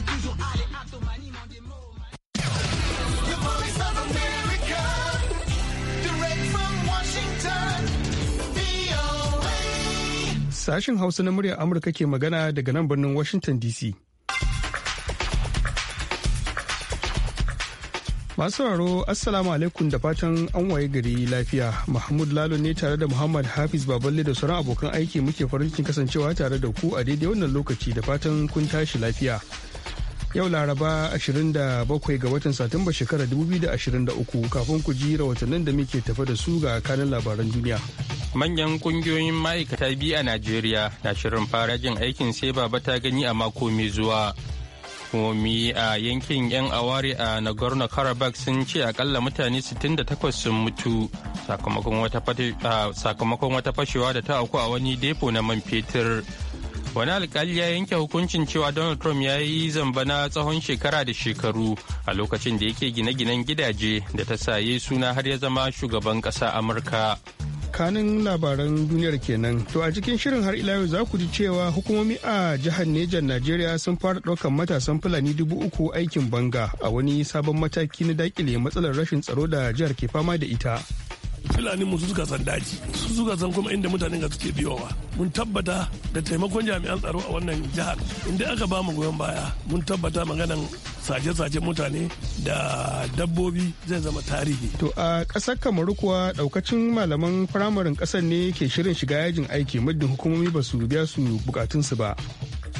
est Sashen Hausa na muryar Amurka ke magana daga nan birnin Washington DC. Masu raro, Assalamu alaikum da fatan an waye gari lafiya. Mahmud Lalo ne tare da Muhammad Hafiz Baballe da sauran abokan aiki muke farin cikin kasancewa tare da ku a daidai wannan lokaci da fatan kun tashi lafiya. yau laraba 27 ga watan satumba shekarar 2023 kafin ku ji rahotannin da muke tafa da su ga kanin labaran duniya manyan kungiyoyin ma'aikata biyu a najeriya na shirin fara jin aikin sai baba ta gani a mako mai zuwa komi a yankin yan awari a nagorno karabakh sun ce akalla mutane 68 sun mutu sakamakon wata fashewa da ta auku a wani depo na man fetur wani alkali ya yanke hukuncin cewa donald trump ya yi zamba na tsawon shekara da shekaru a lokacin da yake gine-ginen gidaje da ta saye suna har ya zama shugaban ƙasa amurka kanin labaran duniyar kenan to a cikin shirin har ila yau za ku ji cewa hukumomi a jihar nejan najeriya sun fara ɗaukar matasan fulani dubu uku aikin banga a wani sabon mataki na daƙile matsalar rashin tsaro da jihar ke fama da ita fulani mu suka san daji su suka san kuma inda mutane ga suke biyowa mun tabbata da taimakon jami'an tsaro a wannan jihar inda aka ba mu goyon baya mun tabbata maganan sace-sace mutane da dabbobi zai zama tarihi. To a ƙasar Kamaru kuwa ɗaukacin malaman firamarin ƙasar ne ke shirin shiga yajin aiki muddin hukumomi ba su biya su bukatunsu ba.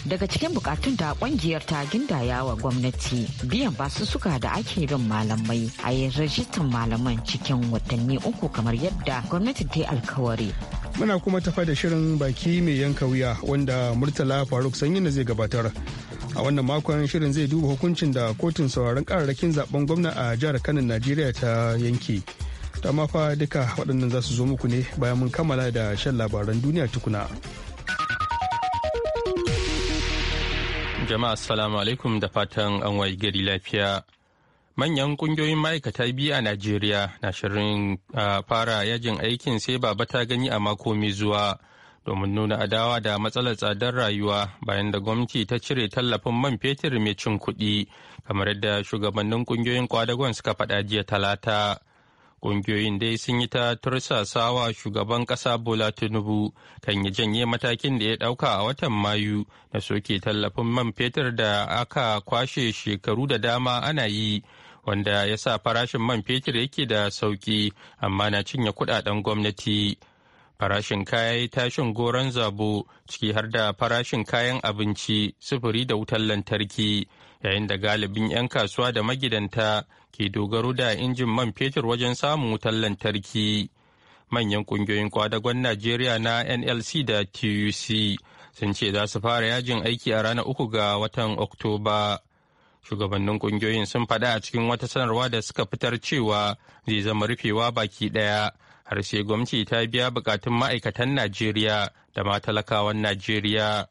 daga cikin bukatun da kungiyar ta gindaya wa gwamnati biyan basussuka da ake bin malamai a yin rajistan malaman cikin watanni uku kamar yadda gwamnati ta yi alkawari muna kuma tafa da shirin baki mai yanka wuya wanda murtala faruk sanyi na zai gabatar a wannan makon shirin zai duba hukuncin da kotun sauraron kararrakin zaben gwamna a jihar kanin najeriya ta yanke ta mafa duka waɗannan za su zo muku ne bayan mun kammala da shan labaran duniya tukuna. Jama'a assalamu alaikum da fatan an wayi gari lafiya. Manyan kungiyoyin ma'aikata biyu a Najeriya na shirin fara yajin aikin sai baba ta gani a mako mai zuwa domin nuna adawa da matsalar tsadar rayuwa bayan da gwamnati ta cire tallafin man fetur mai cin kuɗi kamar yadda shugabannin kungiyoyin kwadagon suka faɗa jiya talata. Ƙungiyoyin dai sun yi ta tursasawa shugaban ƙasa Bola Tinubu kan ya janye matakin da ya ɗauka a watan Mayu na soke tallafin man fetur da aka kwashe shekaru da dama ana yi. Wanda ya sa farashin man fetur yake da sauƙi amma na cinye kuɗaɗen gwamnati. Farashin kaya ya tashin goron zabo ciki har da farashin kayan abinci, sufuri da wutar lantarki, yayin da galibin 'yan kasuwa da magidanta ke dogaro da injin man fetur wajen samun wutar lantarki. Manyan ƙungiyoyin kwadagon Najeriya na NLC da TUC sun ce za su fara yajin aiki a ranar uku ga watan Oktoba. shugabannin kungiyoyin sun faɗa a cikin wata sanarwa da suka fitar cewa zai zama rufewa baki ɗaya harshe gwamnati ta biya bukatun ma'aikatan najeriya da ma talakawan najeriya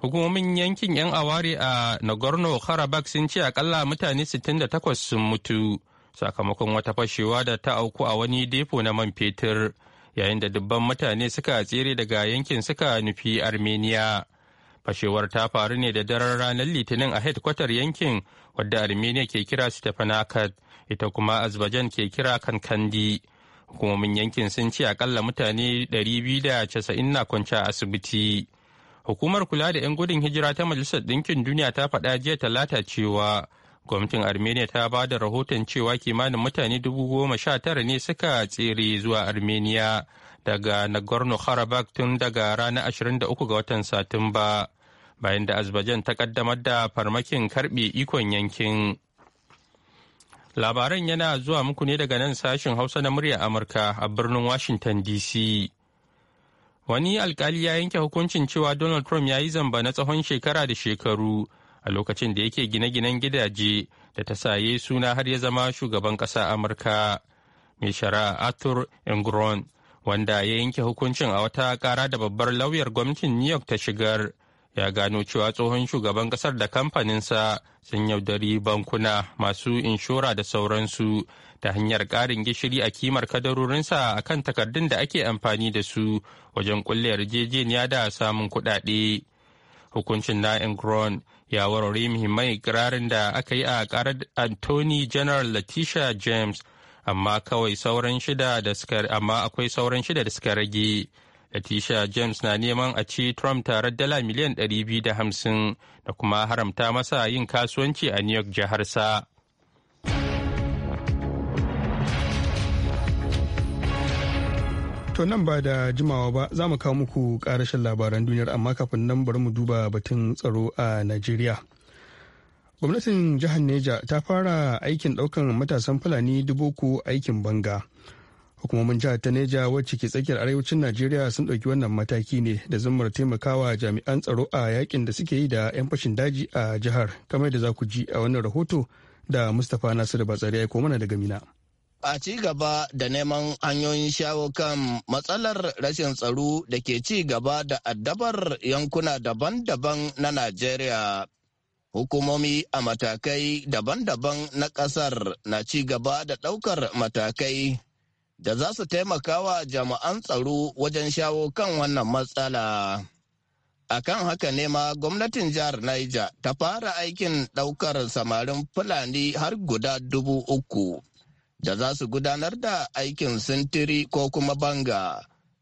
hukumomin yankin 'yan aware a nagorno karabakh sun ce akalla mutane 68 sun mutu sakamakon wata fashewa da ta auku a wani depo na man fetur yayin da dubban mutane suka tsere daga yankin suka nufi armenia fashewar ta faru ne da daren ranar litinin a headquarter yankin wadda armenia ke kira stefanakat ita kuma azerbaijan ke kira kankandi hukumomin yankin sun ce akalla mutane 290 na kwance a asibiti hukumar kula da 'yan gudun hijira ta majalisar ɗinkin duniya ta faɗa jiya talata cewa gwamnatin armenia ta ba da rahoton cewa kimanin mutane tara ne suka tsere zuwa armenia daga nagorno-karabakh tun daga ranar 23 ga watan satumba bayan da azerbaijan ta ƙaddamar da farmakin karbe ikon yankin Labaran yana zuwa muku ne daga nan sashen Hausa na murya Amurka a birnin Washington DC. Wani alkali ya yanke hukuncin cewa Donald Trump ya yi zamba na tsawon shekara da shekaru a lokacin da yake gine-ginen gidaje da ta saye suna har ya zama shugaban ƙasa Amurka. Mai shari'a Arthur Engron wanda ya yanke hukuncin a wata ƙara da babbar lauyar gwamnatin New York ta shigar. ya gano cewa tsohon shugaban kasar da kamfaninsa sun yaudari bankuna masu inshora da sauransu ta hanyar ƙarin gishiri a kimar kadarorinsa a kan takardun da ake amfani da su wajen kulle yarjejeniya da samun kuɗaɗe. Hukuncin na ingron ya warware muhimman ikirarin da aka yi a ƙarar Anthony General Letitia James, amma akwai sauran shida da suka rage. tisha James na neman a ci Trump tare dala miliyan 250 da kuma haramta masa yin kasuwanci a New York jiharsa. To nan ba da jimawa ba za mu kawo muku karashin labaran duniyar amma kafin nan bari mu duba batun tsaro a Najeriya. Gwamnatin jihar Neja ta fara aikin ɗaukan matasan Fulani dubu aikin banga. hukumomin jihar ta neja wacce ke tsakiyar arewacin najeriya sun ɗauki wannan mataki ne da zumar taimakawa jami'an tsaro a yakin da suke yi da 'yan fashin daji a jihar kamar da za ku ji a wannan rahoto da mustapha nasiru batsari ya mana daga mina a ci gaba da neman hanyoyin shawo kan matsalar rashin tsaro da ke ci gaba da addabar yankuna daban-daban na najeriya hukumomi a matakai daban-daban na ƙasar na ci gaba da ɗaukar matakai da za su taimaka wa jami'an tsaro wajen shawo kan wannan matsala. A kan haka ne ma gwamnatin jihar Niger ta fara aikin ɗaukar samarin Fulani har guda dubu uku da za su gudanar da aikin sintiri ko kuma banga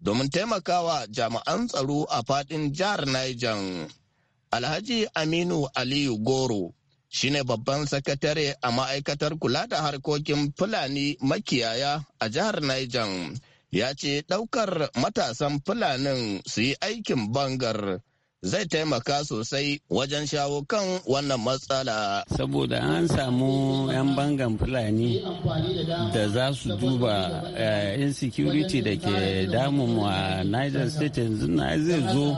domin taimakawa jami'an tsaro a faɗin jihar Niger. Alhaji Aminu Aliyu Goro shine babban sakatare a ma'aikatar kula da harkokin Fulani makiyaya a jihar Niger. Ya ce ɗaukar matasan Fulanin su yi aikin bangar zai taimaka sosai wajen shawo kan wannan matsala. Saboda an samu 'yan bangan Fulani da za su duba eh, insecurity da ke damun a Niger State yanzu na zai zo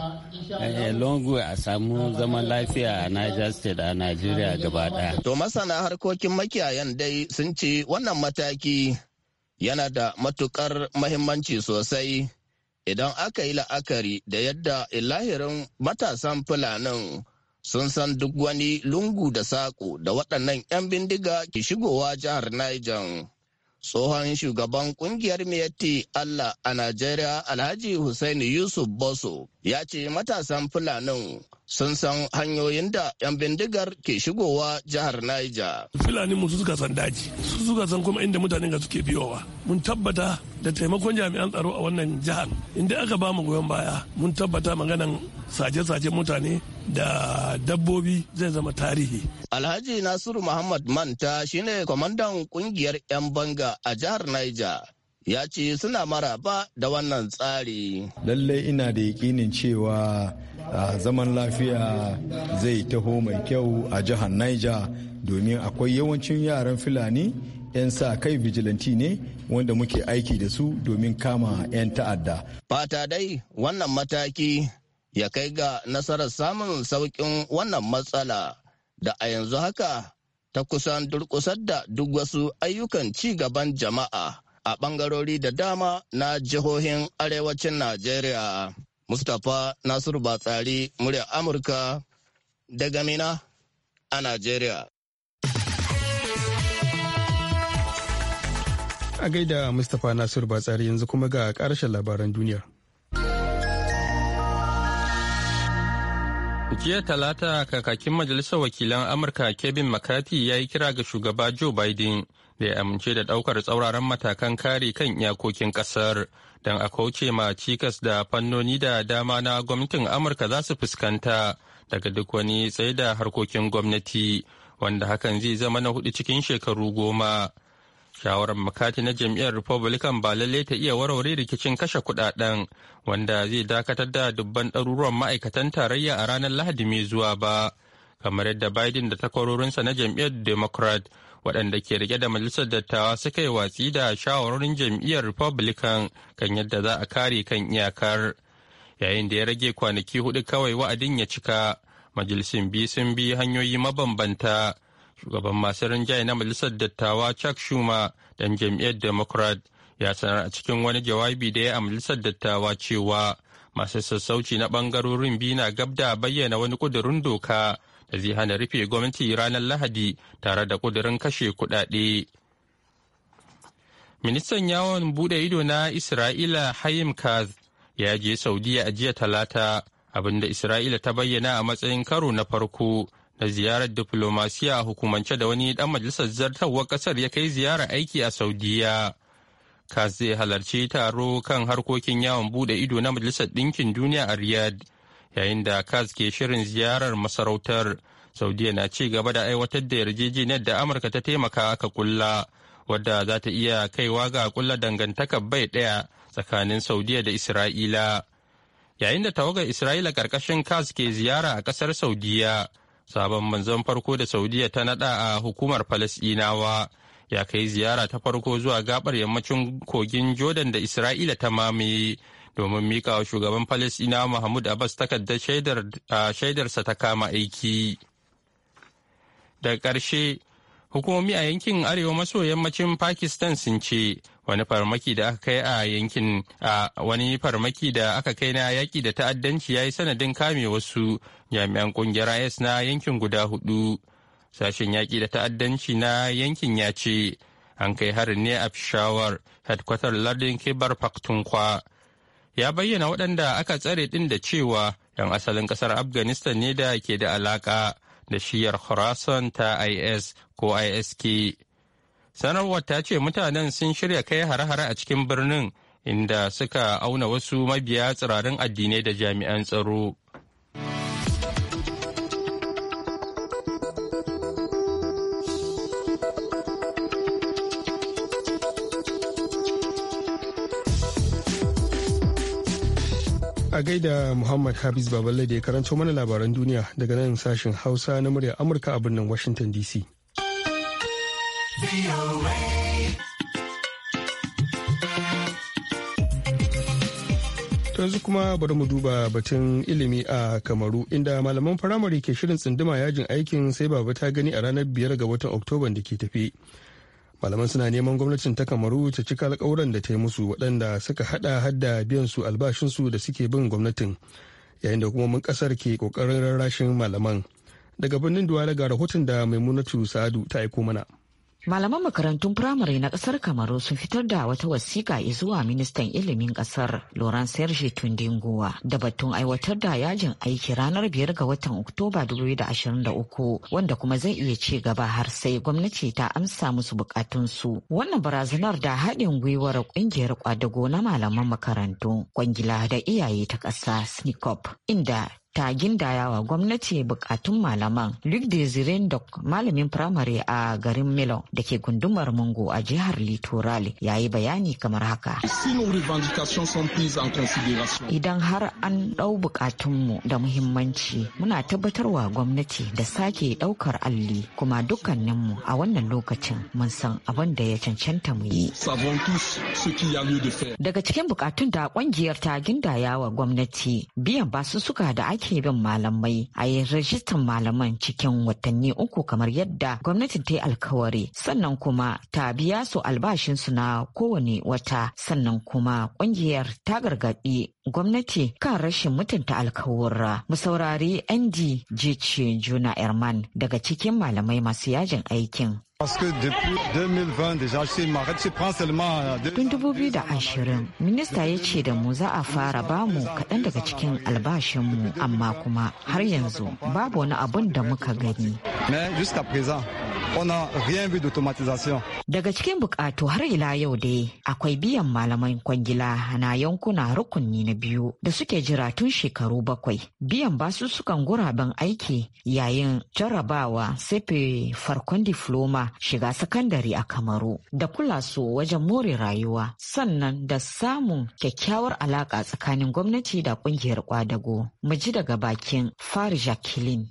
eh, long a samu zaman lafiya a Niger State a Najeriya gaba ɗaya. To masana harkokin makiyayan dai sun ce wannan mataki yana da matukar mahimmanci sosai. idan aka yi la'akari da yadda ilahirin matasan fulanin sun san duk wani lungu da saƙo da waɗannan 'yan bindiga ke shigowa jihar Niger. Tsohon shugaban ƙungiyar Miyatti Allah a Najeriya Alhaji Hussaini Yusuf Boso ya ce matasan Fulanin sun san hanyoyin da 'yan bindigar ke shigowa jihar Niger. Fulani mu suka san daji, su suka san kuma inda mutane ga suke biyowa. Mun tabbata da taimakon jami'an tsaro a wannan jihar, inda aka ba mu goyon baya, mun tabbata maganan sace-sace mutane da dabbobi zai zama tarihi. Alhaji Nasiru Muhammad Manta shine kwamandan kungiyar 'yan banga a jihar Niger. ya ce suna maraba da wannan tsari. Lallai ina da yakinin cewa zaman lafiya zai taho mai kyau a jihar Niger domin akwai yawancin yaran Fulani 'yan sa kai vigilanti ne wanda muke aiki da su domin kama 'yan ta'adda. Fata dai wannan mataki ya kai ga nasarar samun sauƙin wannan matsala da a yanzu haka ta kusan durƙusar da duk wasu ayyukan ci gaban jama'a. a ɓangarori da dama na jihohin arewacin Najeriya. Mustapha Nasir Batsari, murya Amurka daga Mina a Najeriya. A gaida Mustapha Nasiru Batsari yanzu kuma ga ƙarshen labaran duniya. Jiya talata kakakin Majalisar Wakilan Amurka Kevin McCarthy ya yi kira ga shugaba Joe Biden bai amince da ɗaukar tsauraran matakan kare kan iyakokin ƙasar don a kauce ma cikas da fannoni da dama na gwamnatin amurka za su fuskanta daga duk wani tsaye da harkokin gwamnati wanda hakan zai zama na hudu cikin shekaru goma shawarar makati na jam'iyyar republican ba lallai ta iya warware rikicin kashe kudaden wanda zai dakatar da dubban ɗaruruwan ma'aikatan tarayya a ranar lahadi mai zuwa ba kamar yadda biden da takwarorinsa na jam'iyyar democrat waɗanda ke rike da majalisar dattawa suka yi watsi da shawarorin jam'iyyar republican kan yadda za a kare kan iyakar yayin da ya rage kwanaki hudu kawai wa'adin ya cika majalisin bi sun bi hanyoyi mabambanta shugaban masu rinjaye na majalisar dattawa chuck schumer dan jam'iyyar democrat ya sanar a cikin wani jawabi da ya a majalisar dattawa cewa masu sassauci na bangarorin biyu na gabda bayyana wani kudurin doka da zai hana rufe gwamnati ranar lahadi tare da kudirin kashe kudade ministan yawon bude ido na isra'ila hayim kaz ya je saudiya a jiya talata abinda isra'ila ta bayyana a matsayin karo na farko na ziyarar diflomasiya a hukumance da wani dan majalisar zartarwar kasar ya kai ziyara aiki a saudiya kaz zai halarci taro kan harkokin yawon bude ido na majalisar ɗinkin duniya a riyadh yayin da kaz ke shirin ziyarar masarautar saudiya na ci gaba da aiwatar da yarjejeniyar da amurka ta taimaka aka kulla wadda za ta iya kaiwa ga kulla dangantakar bai daya tsakanin saudiya da isra'ila yayin da tawagar isra'ila karkashin kaz ke ziyara a kasar saudiya sabon manzon farko da saudiya ta nada a hukumar falasɗinawa ya kai ziyara ta farko zuwa gabar yammacin kogin jordan da isra'ila ta mamaye domin mika wa shugaban Falasina Mahmud Abbas takardar shaidarsa ta kama aiki. daga ƙarshe, hukumomi a yankin arewa maso yammacin Pakistan sun ce wani farmaki da aka kai a yankin a wani farmaki da aka kai na yaƙi da ta'addanci ya yi sanadin kame wasu jami'an ƙungiyar IS na yankin guda hudu. Sashen yaƙi da ta'addanci na yankin ya ce an kai harin ne a Peshawar, headquarter lardin Kibar Pakhtunkhwa. ya bayyana waɗanda aka tsare ɗin da cewa 'yan asalin ƙasar afghanistan ne da ke da alaƙa da shiyar khorasan ta is ko isk sanarwar ta ce mutanen sun shirya kai hare-hare a cikin birnin inda suka auna wasu mabiya tsirarin addinai da jami'an tsaro A gaida Muhammad habis Baballe da ya karanto mana labaran duniya daga nan sashen Hausa na muryar Amurka a birnin Washington DC. yanzu kuma bari mu duba batun ilimi a kamaru inda malaman firamare ke shirin tsunduma yajin aikin sai baba ta gani a ranar biyar ga watan oktoba da ke tafi malaman suna neman gwamnatin ta kamaru ta cika alkawuran da ta yi musu waɗanda suka hada hadda biyan su albashinsu da suke bin gwamnatin yayin da hukumomin ƙasar ke ƙoƙarin rarrashin malaman daga birnin duwala ga rahoton da maimunatu sa'adu ta aiko mana Malaman makarantun firamare na ƙasar Kamaru sun fitar da wata wasiƙa zuwa ministan ilimin kasar Laurent Serge Tundinguwa da batun aiwatar da yajin aiki ranar biyar ga watan Oktoba 2023 wanda kuma zai iya ci gaba har sai gwamnati ta amsa musu bukatunsu. Wannan barazanar da haɗin gwiwar ƙungiyar kwadago na malaman makarantu, kwangila da iyaye ta ƙasa SNCOP inda ta gindayawa gwamnati bukatun malaman luc desire malamin firamare a garin milo da ke gundumar mungo a jihar litoral ya yi bayani kamar haka idan har an ɗau bukatunmu da muhimmanci muna tabbatarwa gwamnati da sake ɗaukar alli kuma dukkaninmu a wannan lokacin mun san abin da ya cancanta mu yi daga cikin bukatun da kungiyar ta gindayawa gwamnati biyan basussuka da ake ake bin malamai a yi rajistan malaman cikin watanni uku kamar yadda gwamnatin ta yi alkawari sannan kuma ta biya su albashinsu na kowane wata sannan kuma kungiyar ta gargaɗi gwamnati kan rashin mutunta alkawura mu saurari ND Juna Erman daga cikin malamai masu yajin aikin Euh, tun 2020, minista ya ce da mu za a fara bamu kaɗan daga cikin albashinmu amma kuma har yanzu babu wani abun da muka gani. Daga cikin bukatu har ila yau dai akwai biyan malaman kwangila na yankuna rukunni na biyu da suke jira tun shekaru bakwai. Biyan basu sukan guraben aiki yayin jarrabawa sefe farkon difloma shiga sakandare a Kamaru da kula su wajen more rayuwa sannan da samun kyakkyawar alaka tsakanin gwamnati da kungiyar kwadago. Mu ji daga bakin Fari Jacqueline.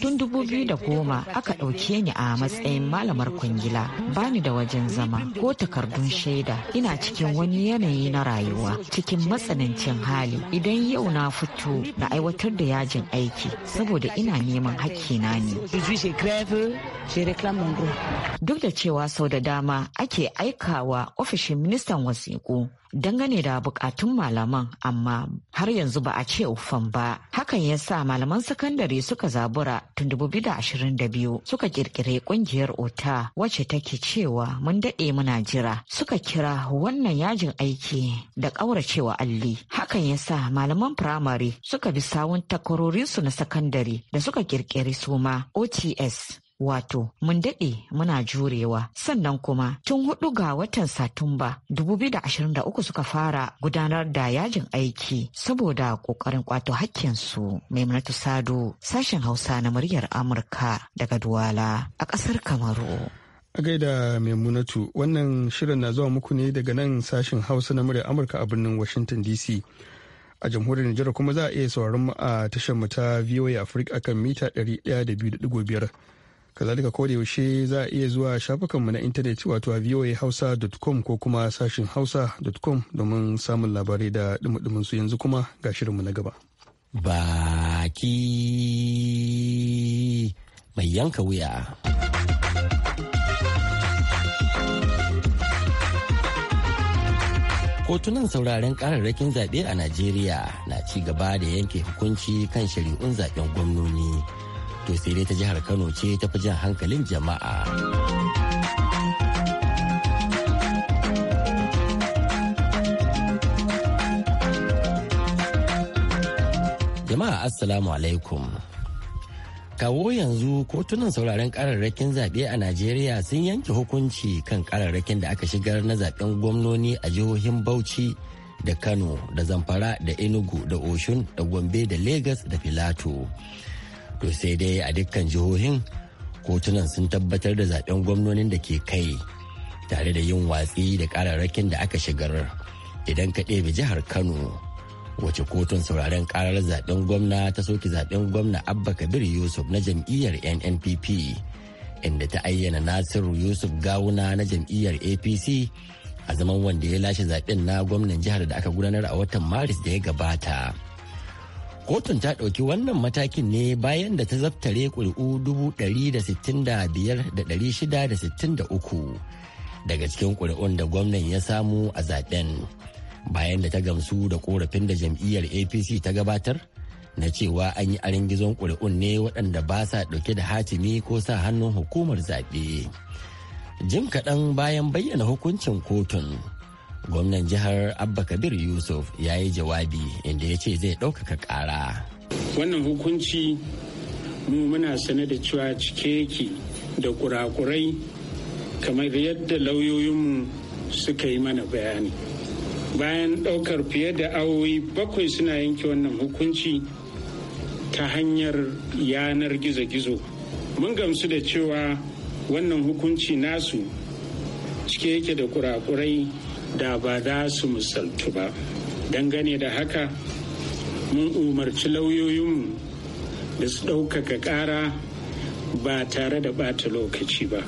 Tun dubu biyu da goma aka ɗauke ni a matsayin malamar kwangila bani da wajen zama ko takardun shaida ina cikin wani yanayi na rayuwa cikin matsanancin hali idan yau na fito na aiwatar da yajin aiki saboda ina neman hakkina ne aujourd'hui j'ai grève je réclame mon droit duk da cewa sau da dama ake aikawa ofishin ministan wasiƙu dangane da bukatun malaman amma har yanzu ba a ce ufan ba hakan ya sa malaman sakandare suka zabura tun 2022 suka kirkire kungiyar ota wacce take cewa mun daɗe muna jira suka kira wannan yajin aiki da ƙauracewa alli hakan ya sa malaman firamare suka bi sawun takwarorinsu na sakandare da suka kirkiri suma ots wato mun daɗe muna jurewa sannan kuma tun hudu ga watan satumba 2023 suka fara gudanar da yajin aiki saboda ƙoƙarin kwato hakkinsu maimunatu sado sashen hausa na muryar amurka daga duwala a ƙasar kamaru a gaida maimunatu wannan shirin na zuwa muku ne daga nan sashen hausa na muryar amurka a birnin washington dc a jamhuriyar Nijar kuma za a iya sauraron mu a tashar mu ta VOA Africa akan mita 102.5 kazalika ko da yaushe za a iya zuwa shafukanmu na intanet wato a com ko kuma sashin hausa hausa.com domin samun labarai da dumudumin su yanzu kuma ga shirinmu na gaba baki mai yanka wuya kotunan sauraren kararrakin zaɓe a najeriya na ci gaba da yanke hukunci kan shari'un zaɓen gwamnoni to sai dai ta jihar kano ce ta fi jan hankalin jama'a jama'a assalamu alaikum kawo yanzu kotunan sauraren kararrakin zaɓe a najeriya sun yanke hukunci kan kararrakin da aka shigar na zaɓen gwamnoni a jihohin bauchi da kano da zamfara da enugu da oshun da gombe da Legas da filato to sai dai a dukkan jihohin kotunan sun tabbatar da zaben gwamnonin da ke kai tare da yin watsi da kararrakin da aka shigar idan ka ɗebe jihar kano wace kotun sauraren karar zaben gwamna ta soke zaben gwamna abba kabir yusuf na jam'iyyar nnpp inda ta ayyana nasiru yusuf gawuna na jam'iyyar apc a zaman wanda ya lashe zaben na gwamnan jihar da aka gudanar a watan maris da ya gabata Kotun ta ɗauki wannan matakin ne bayan da ta zaftare ƙuri'u 165,663 daga cikin ƙuri'un da gwamnan ya samu a zaben. Bayan da ta gamsu da korafin da jam'iyyar APC ta gabatar na cewa an yi arin gizon ƙuri'un ne waɗanda ba sa ɗauke da hatimi ko sa hannun hukumar zaɓe. Jim kaɗan bayan bayyana hukuncin kotun. gwamnan jihar abba kabir yusuf ya yi jawabi inda ya ce zai ɗaukaka ƙara wannan hukunci mu muna sane da cewa cike yake da kurakurai kamar yadda lauyoyinmu suka yi mana bayani bayan ɗaukar fiye da awoyi bakwai suna yanke wannan hukunci ta hanyar yanar gizo-gizo mun gamsu da cewa wannan hukunci nasu cike yake da kurakurai da ba za su musaltu ba dangane da haka mun umarci lauyoyinmu da su ɗaukaka ƙara ba tare da ɓata lokaci ba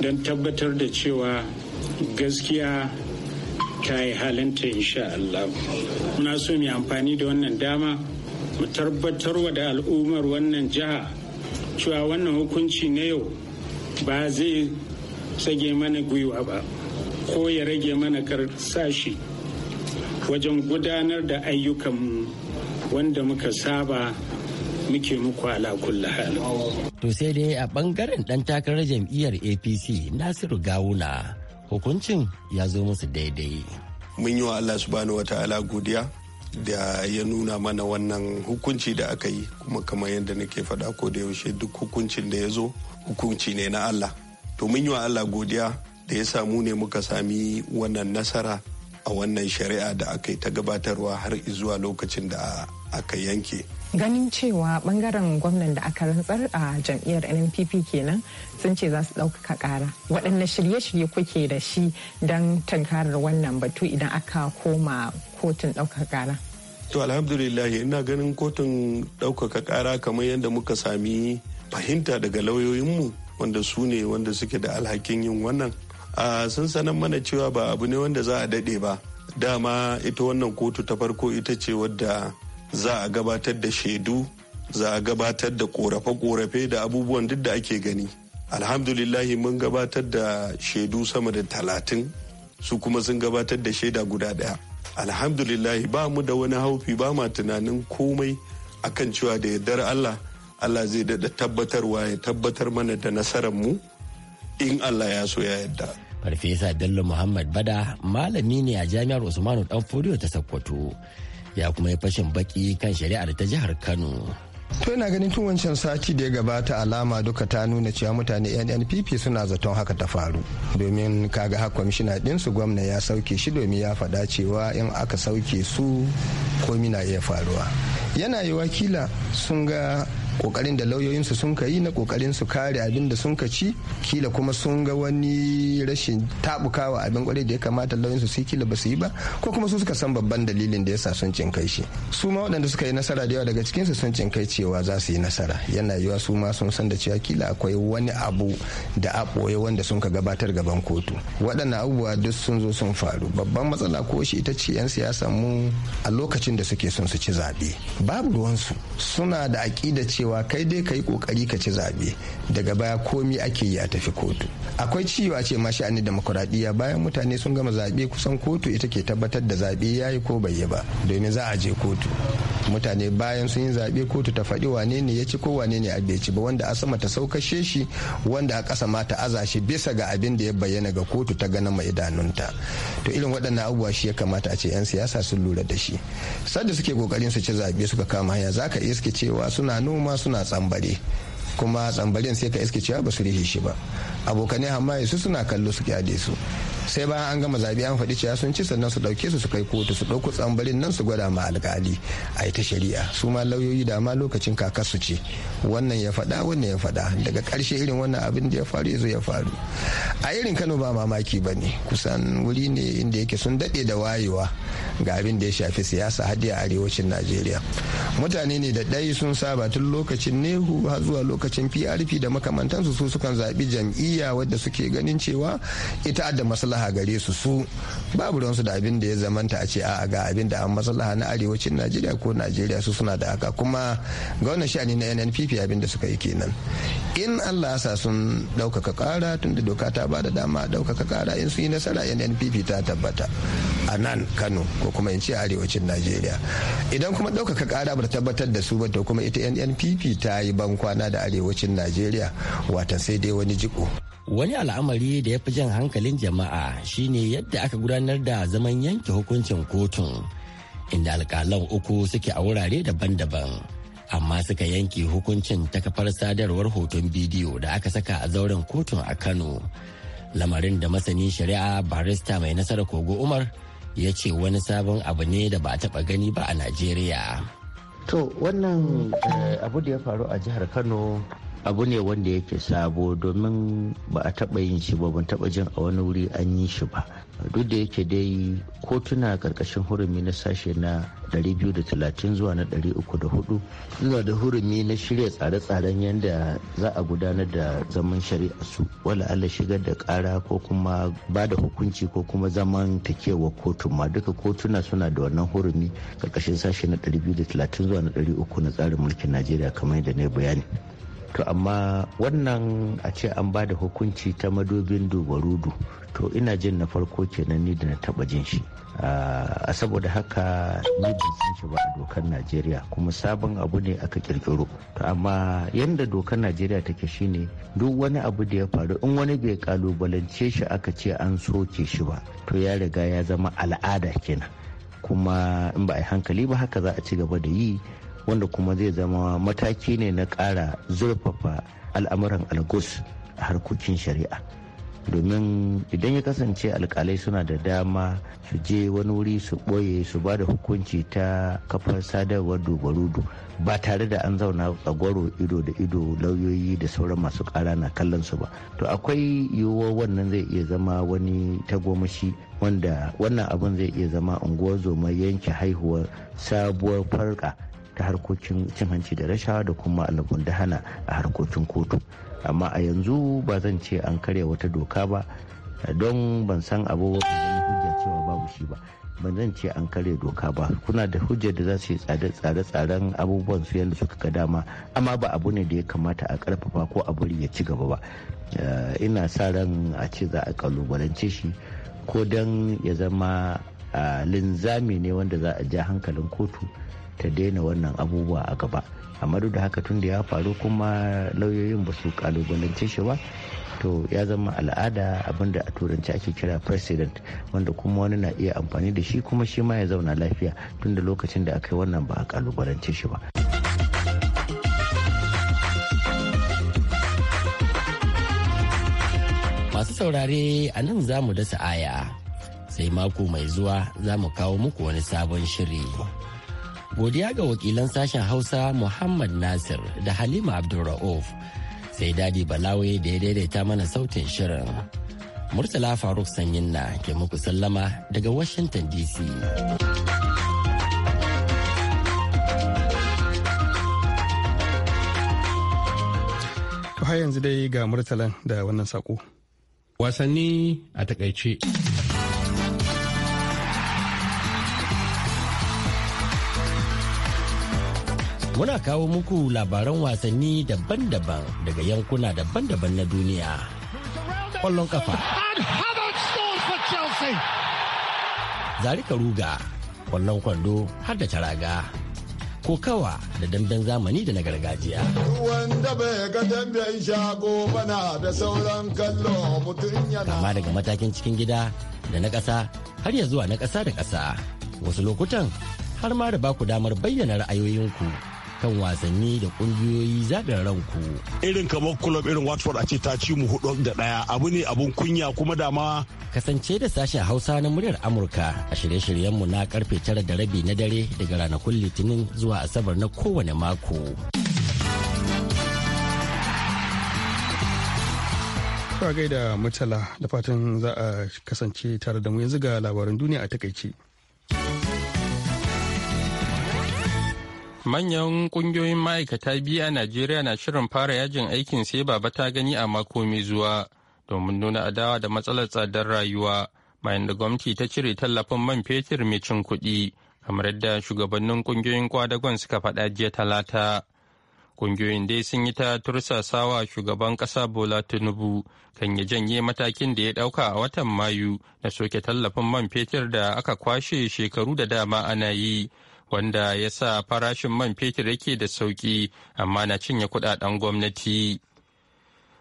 don tabbatar da cewa gaskiya ta yi halinta insha Allah. Muna so mu amfani da wannan dama mu tabbatar wa da al'ummar wannan jiha cewa wannan hukunci na yau ba zai sage mana gwiwa ba. ko ya rage mana karsashi wajen gudanar da ayyukanmu wanda muka saba muke muku ala hali. To sai dai a bangaren dan takarar jam'iyyar APC Nasiru Gawuna hukuncin ya zo musu daidai. Mun yi wa Allah wata ala godiya da ya nuna mana wannan hukunci da aka yi kuma kamar yadda nake faɗa ko da yaushe duk hukuncin da ya zo hukunci ne na Allah. To mun yi wa Allah godiya da ya samu ne muka sami wannan nasara a wannan shari'a da aka yi ta gabatarwa har zuwa lokacin da aka yanke. ganin cewa bangaren gwamnan da aka rantsar a jam'iyyar nnpp kenan sun ce za su ɗaukaka ƙara waɗanne shirye-shirye kuke da shi don tankarar wannan batu idan aka koma kotun ɗaukaka ƙara to alhamdulillah ina ganin kotun ɗaukaka ƙara kamar yadda muka sami fahimta daga lauyoyinmu wanda su ne wanda suke da alhakin yin wannan sun sanar mana cewa ba abu ne wanda za a daɗe ba dama ita wannan kotu ta farko ita ce wadda za a gabatar da shaidu za a gabatar da korafe-korafe da abubuwan duk da ake gani alhamdulillahi mun gabatar da shaidu sama da talatin su kuma sun gabatar da shaida guda ɗaya alhamdulillahi ba mu da wani haufi ba ma tunanin komai akan cewa da yardar allah allah zai daɗa tabbatarwa ya tabbatar mana da nasarar mu in allah ya so ya yadda. farfesa bello muhammad bada malami ne a jami'ar usmanu danfodiyo ta sokoto ya kuma yi fashin baki kan shari'ar ta jihar kano to yana ganin tun wancan sati da ya gabata alama duka ta nuna cewa mutane nnpp suna zaton haka ta faru domin kaga haka kwamishina ɗinsu gwamna ya sauke shi domin ya faɗa cewa in aka sauke su komi na iya faruwa yana yi wakila sun ga kokarin da lauyoyinsu sun ka yi na kokarin su kare abin da sun ka ci kila kuma sun ga wani rashin tabukawa abin kware da ya kamata lauyoyinsu su kila ba su yi ba ko kuma su suka san babban dalilin da ya sa sun cin kai shi su ma waɗanda suka yi nasara da yawa daga cikin su sun cin kai cewa za su yi nasara yana yiwa su ma sun san da cewa kila akwai wani abu da a ɓoye wanda sun ka gabatar gaban kotu waɗannan abubuwa duk sun zo sun faru babban matsala ko shi ita ce 'yan siyasa mu a lokacin da suke son su ci zaɓe babu ruwansu suna da aƙida cewa cewa kai dai ka yi kokari ka ci zaɓe daga baya komi ake yi a tafi kotu akwai ciwo a ce ma sha'ani demokuraɗiyya bayan mutane sun gama zaɓe kusan kotu ita ke tabbatar da zaɓe ya yi ko bai yi ba domin za a je kotu mutane bayan sun yi zaɓe kotu ta faɗi wane ne ya ci ko wane ne bai ci ba wanda a sama ta saukashe shi wanda a ƙasa ma ta aza shi bisa ga abin da ya bayyana ga kotu ta gana mai idanunta to irin waɗannan abubuwa shi ya kamata a ce 'yan siyasa sun lura da shi sadda suke kokarin su ci zaɓe suka kama hanya ka iske cewa suna noma suna tsambare kuma tsambarin sai ka iske cewa ba su rihe shi ba abokanai hamma su suna kallo su kyade su sai bayan an gama zabe an faɗi cewa sun ci sannan su ɗauke su su kai kotu su ɗauko tsambarin nan su gwada ma alkali a ita shari'a su ma lauyoyi da ma lokacin kakar su ce wannan ya faɗa wannan ya faɗa daga ƙarshe irin wannan abin da ya faru ya zo ya faru a irin kano ba mamaki ba ne kusan wuri ne inda yake sun daɗe da wayewa ga abin da ya shafi siyasa hadi a arewacin najeriya mutane ne da ɗaya sun saba tun lokacin nehu har zuwa lokacin prp da makamantansu su sukan zaɓi jam'iyya wadda suke ganin cewa ita da maslaha maslaha gare su su babu ruwansu da abin da ya zamanta a ce a ga abin da an maslaha na arewacin najeriya ko najeriya su suna da haka kuma ga wannan sha'ani na nnpp abin da suka yi kenan in allah sa sun kara tun tunda doka ta ba da dama daukaka kara in sun yi nasara nnpp ta tabbata a nan kano ko kuma in ce arewacin najeriya idan kuma daukaka kara ba tabbatar da su ba to kuma ita nnpp ta yi bankwana da arewacin najeriya watan sai dai wani jiko wani al'amari da ya fi jan hankalin jama'a shine yadda aka gudanar da zaman yanke hukuncin kotun inda alkalan uku suke a wurare daban-daban amma suka yanke hukuncin ta kafar sadarwar hoton bidiyo da aka saka a zauren kotun a kano lamarin da masanin shari'a barista mai nasara kogo umar ya ce wani sabon abu ne da ba a taba gani ba a najeriya to wannan eh, abu da ya faru a jihar kano abu ne wanda yake sabo domin ba a taba yin shi ba ban taba jin a wani wuri an yi shi ba duk da yake dai kotuna karkashin hurumi na sashe na 230 zuwa na 304 suna da hurumi na shirya tsare-tsaren yadda za a gudanar da zaman shari'a su wala Allah shigar da kara ko kuma ba da hukunci ko kuma zaman takewa kotu ma duka kotuna suna da wannan hurumi karkashin sashe na 230 zuwa na 304 na tsarin mulkin najeriya kamar da na bayani to amma wannan a ce an ba da hukunci ta madobin dubarudu to ina jin na farko kenan ni da na taba jin shi a saboda haka ni san shi ba a dokar najeriya kuma sabon abu ne aka kirkiro to amma yadda dokar najeriya take shine duk wani abu da ya faru in wani bai kalubalance shi aka ce an soke shi ba to ya riga ya zama al'ada kenan kuma in ba a yi hankali ba haka za a ci gaba da yi wanda kuma zai zama mataki ne na ƙara zurfafa al'amuran algus a harkokin shari'a domin idan ya kasance alkalai suna da dama su je wani wuri su ɓoye su ba da hukunci ta kafar sadarwar dubarudu ba tare da an zauna tsagwaro ido da ido lauyoyi da sauran masu ƙara na kallon su ba to akwai yiwuwar wannan zai iya zama wani tagomashi wanda wannan abin zai iya zama unguwar zoma yanke haihuwar sabuwar farka ta harkokin cin hanci da rashawa da kuma da hana a harkokin kotu amma a yanzu ba zan ce an karya wata doka ba don ban san abu hujja cewa babu shi ba ban zan ce an karya doka ba kuna da hujja da za su yi tsare-tsaren abubuwan su yadda suka ga dama amma ba abu ne da ya kamata a karfafa ko a bari ya ci gaba ba eh, ina sa ran a ce za a kalubalance shi ko don ya zama ah, linzami ne wanda za a ja hankalin kotu ta daina wannan abubuwa a gaba amma duk da haka tun da ya faru kuma lauyoyin ba su kalubalance shi ba to ya zama al'ada abinda a turanci ake kira president wanda kuma wani na iya amfani da shi kuma shi ma ya zauna lafiya tun da lokacin da aka yi wannan ba a kalubalance shi ba. masu saurare a nan za mu dasa aya sai mako mai zuwa za mu kawo muku wani sabon shiri godiya ga wakilan sashen hausa muhammad nasir da halima abdulra'uf sai dadi balawe da ya daidaita mana sautin shirin murtala faruk sanyin na ke muku sallama daga washington dc har yanzu dai ga murtalan da wannan sako wasanni a takaice Muna kawo muku labaran wasanni daban-daban daga yankuna daban-daban na duniya. Kwallon kafa. Zarika ruga, kwallon kwando har da taraga. ko kawa da damben zamani da na gargajiya. Wanda bai ga damben shago bana da sauran kallo mutum yana. Kama daga matakin cikin gida da na ƙasa har ya zuwa na ƙasa da ƙasa. Wasu lokutan har ma da ba ku damar bayyana ra'ayoyinku Kan wasanni da kungiyoyi zaɓin ranku. Irin kamar kulob irin Watford a ce ta ci mu hudu da ɗaya abu ne abun kunya kuma dama. Kasance da sashen Hausa na muryar Amurka a shirye-shiryenmu na karfe tara da rabi na dare daga ranakun Litinin zuwa Asabar na kowane mako. Ka gaida mutala da fatan za a kasance tare da mu yanzu ga labaran duniya a takaice. Manyan kungiyoyin ma'aikata biyu a Najeriya na shirin fara yajin aikin sai baba ta gani a mako mai zuwa domin nuna adawa da matsalar tsadar rayuwa bayan da gwamnati ta cire tallafin man fetur mai cin kuɗi kamar yadda shugabannin kungiyoyin kwadagon suka faɗa jiya talata. Kungiyoyin dai sun yi ta tursasawa shugaban ƙasa Bola Tinubu kan ya janye matakin da ya ɗauka a watan Mayu na soke tallafin man fetur da aka kwashe shekaru da dama ana yi. wanda ya sa farashin man fetur yake da sauƙi amma na cinye kudaden gwamnati.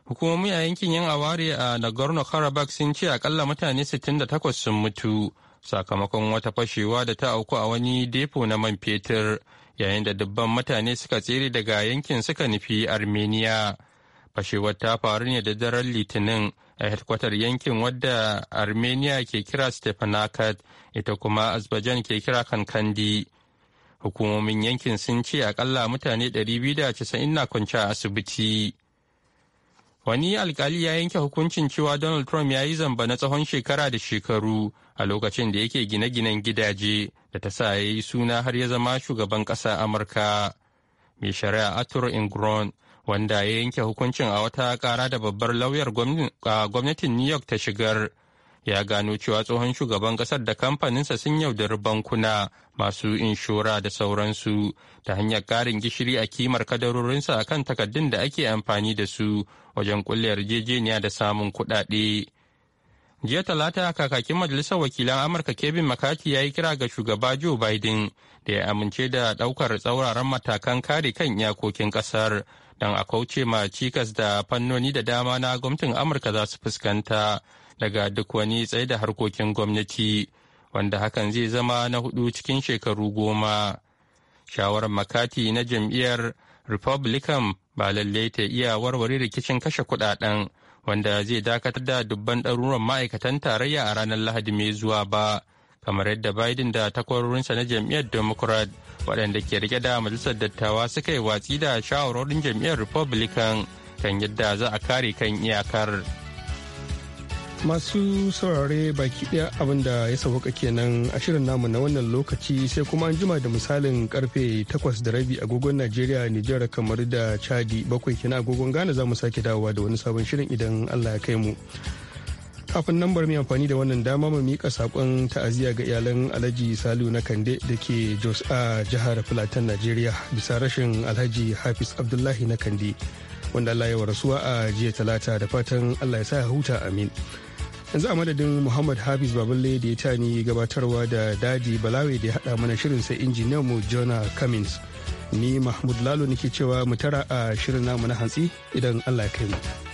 Hukumomi a yankin yan aware a Nagorno-Karabakh sun ce akalla mutane 68 sun mutu sakamakon wata fashewa da ta auku a wani depo na man fetur yayin da dubban mutane suka tsere daga yankin suka nufi Armenia. Fashewar ta faru ne da daren Litinin a hedkwatar yankin wadda Armenia ke kira Stepanakat ita kuma Azerbaijan ke kira Kankandi. hukumomin yankin sun ce akalla mutane 290 na kwanci a asibiti wani alkali ya yanke hukuncin cewa donald trump ya yi zamba na tsawon shekara da shekaru a lokacin da yake gine-ginen gidaje da ta sa ya yi suna har ya zama shugaban ƙasa amurka mai shari'a arthur ingron wanda ya yanke hukuncin a wata kara da babbar lauyar gwamnatin new york ta shigar ya gano cewa tsohon shugaban kasar da kamfaninsa sun yaudari bankuna masu inshora da sauransu ta hanyar karin gishiri a kimar kadarorinsa akan takaddun da ake amfani da su wajen kulle yarjejeniya da samun kudade. jiya talata kakakin majalisar wakilan amurka kevin mccarthy ya yi kira ga shugaba joe biden da ya amince da ɗaukar tsauraran matakan kare kan iyakokin ƙasar don a kauce ma cikas da fannoni da dama na gwamnatin amurka za su fuskanta daga duk wani tsaye da harkokin gwamnati wanda hakan zai zama na hudu cikin shekaru goma shawarar makati na jam'iyyar republican ba lallai ta iya warware rikicin kashe kudaden wanda zai dakatar da dubban ɗaruruwan ma'aikatan tarayya a ranar lahadi mai zuwa ba kamar yadda biden da takwarorinsa na jam'iyyar democrat waɗanda ke rike da majalisar dattawa suka yi watsi da shawarorin jam'iyyar republican kan yadda za a kare kan iyakar. masu saurare baki daya abinda ya sauka kenan a shirin namu na wannan lokaci sai kuma an jima da misalin karfe 8 da rabi agogon najeriya nijar kamar da chadi bakwai kenan agogon ghana za mu sake dawowa da wani sabon shirin idan allah ya kai mu kafin nan bari mu amfani da wannan dama mu mika sakon ta'aziyya ga iyalan alhaji salu na kande da ke jos a jihar filatan najeriya bisa rashin alhaji hafiz abdullahi na kande wanda allah ya rasuwa a jiya talata da fatan allah ya sa ya huta amin yanzu a madadin muhammad hafiz baballe da ya tani gabatarwa da dadi balawe da ya haɗa mana shirin sai injiniyan mu jona cummins ni mahmud lalo nake cewa mu tara a shirin namu na hantsi idan allah ya kai mu